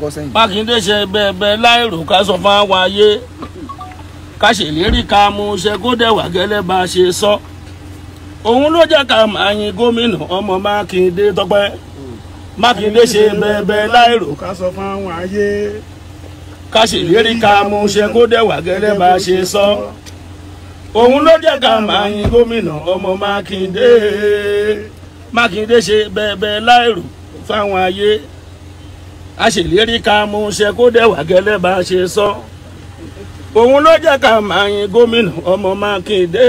kọ́ sẹ́yìn. mákindé ṣe bẹ́ẹ̀bẹ́ láìrò ká sọ fún àwọn ayé ká ṣèlérí ká mú ṣe kó dẹ̀wà gẹ́lẹ́ bá a ṣe sọ. òun ló jẹ́ ká máa yin gómìnà ọmọ mákindé tọ́pẹ́ mákindé ṣe bẹ́ẹ̀bẹ́ láìrò ká sọ fún àwọn ayé ká ṣèlérí ká mú ṣe kó dẹ̀wà gẹ́lẹ́ bá a ṣe sọ. òun ló jẹ́ ká máa yin gómìnà ọmọ mákindé mákindé ṣe bẹ́ẹ̀bẹ́ láìrò fáwọn ayé a ṣèlérí ká mú ṣe kó dẹ̀wà gẹ́lẹ́ bá ṣe sọ òun ló jẹ́ ká máa yin gómìnà ọmọ mákindé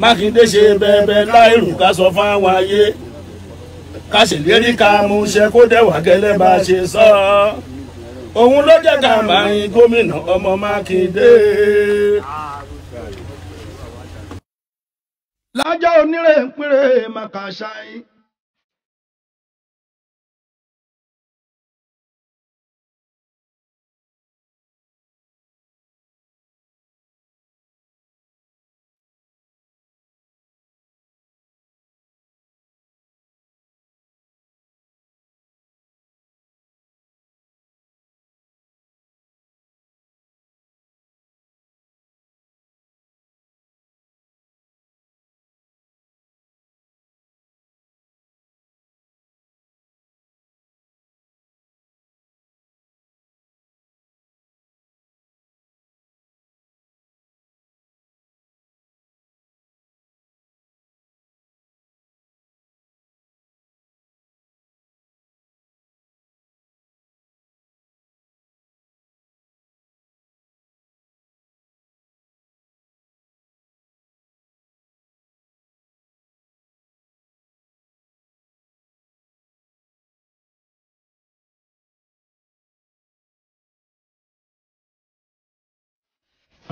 mákindé ṣe bẹ́ẹ̀bẹ́ láìrù ká sọ fáwọn ayé ká ṣèlérí ká mú ṣe kó dẹ̀wà gẹ́lẹ́ bá ṣe sọ òun ló jẹ́ ká máa yin gómìnà ọmọ mákindé. lájọ́ onírèǹpẹ̀rẹ̀ màkàṣáyìn.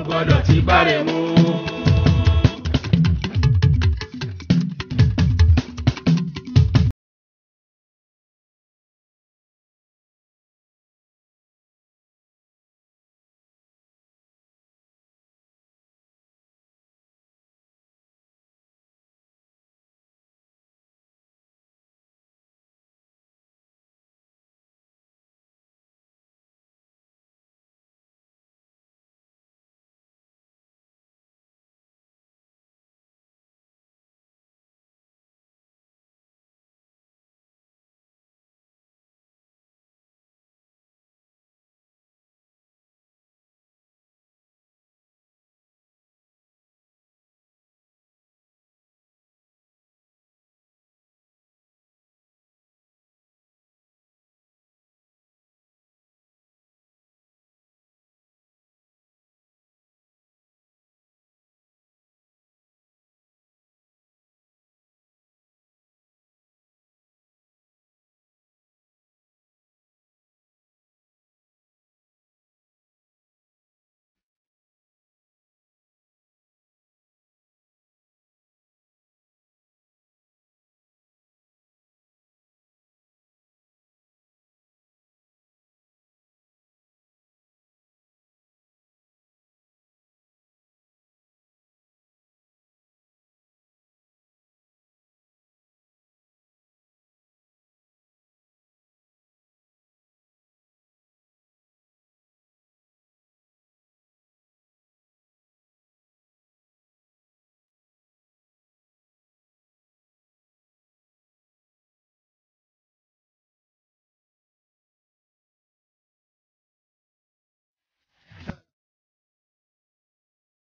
gbọ́dọ̀ ti bá rẹ̀ mú.